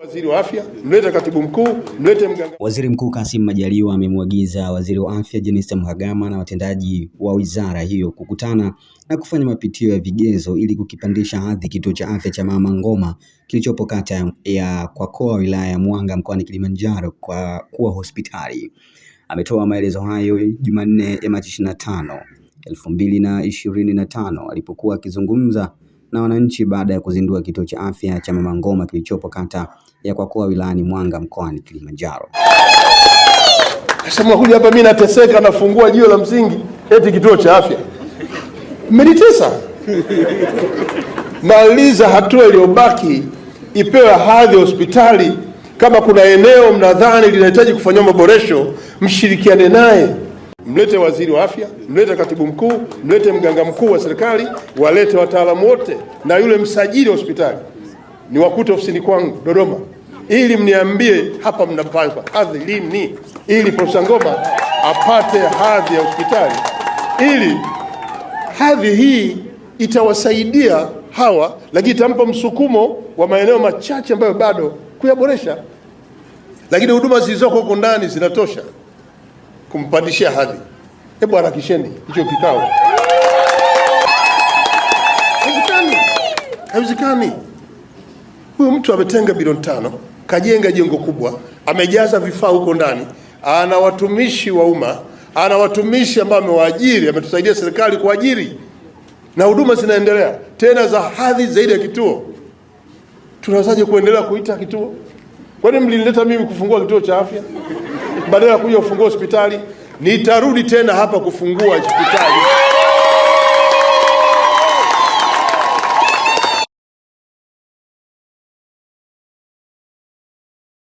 Waziri wa afya mlete katibu mkuu mlete mganga. Waziri Mkuu Kassim Majaliwa amemwagiza waziri wa afya Jenista Mhagama na watendaji wa wizara hiyo kukutana na kufanya mapitio ya vigezo ili kukipandisha hadhi kituo cha afya cha Mama Ngoma kilichopo kata ya Kwakoa wilaya ya Mwanga mkoani Kilimanjaro kwa kuwa hospitali. Ametoa maelezo hayo Jumanne ya Machi 25, 2025 alipokuwa akizungumza na wananchi baada ya kuzindua kituo cha afya cha Mama Ngoma kilichopo kata ya Kwakoa wilayani Mwanga mkoani Kilimanjaro. Nasema huyu hapa mimi nateseka, nafungua jiwe la msingi eti kituo cha afya. Mmenitesa. Maliza hatua iliyobaki ipewe hadhi ya hospitali. Kama kuna eneo mnadhani linahitaji kufanyiwa maboresho, mshirikiane naye mlete waziri wa afya, mlete katibu mkuu, mlete mganga mkuu wa serikali, walete wataalamu wote na yule msajili wa hospitali, ni wakute ofisini kwangu Dodoma, ili mniambie hapa mnapanga hadhi lini, ili Profesa Ngoma apate hadhi ya hospitali, ili hadhi hii itawasaidia hawa, lakini itampa msukumo wa maeneo machache ambayo bado kuyaboresha, lakini huduma zilizoko huko ndani zinatosha kumpandishia hadhi. Hebu harakisheni hicho kikao, haiwezekani, haiwezekani. Huyu mtu ametenga bilioni tano, kajenga jengo kubwa, amejaza vifaa huko ndani, ana watumishi wa umma, ana watumishi ambao amewaajiri, ametusaidia serikali kuajiri, na huduma zinaendelea tena za hadhi zaidi ya kituo. Tunawezaje kuendelea kuita kituo? Kwani mlinileta mimi kufungua kituo cha afya? badala ya kuja kufungua hospitali, nitarudi tena hapa kufungua hospitali.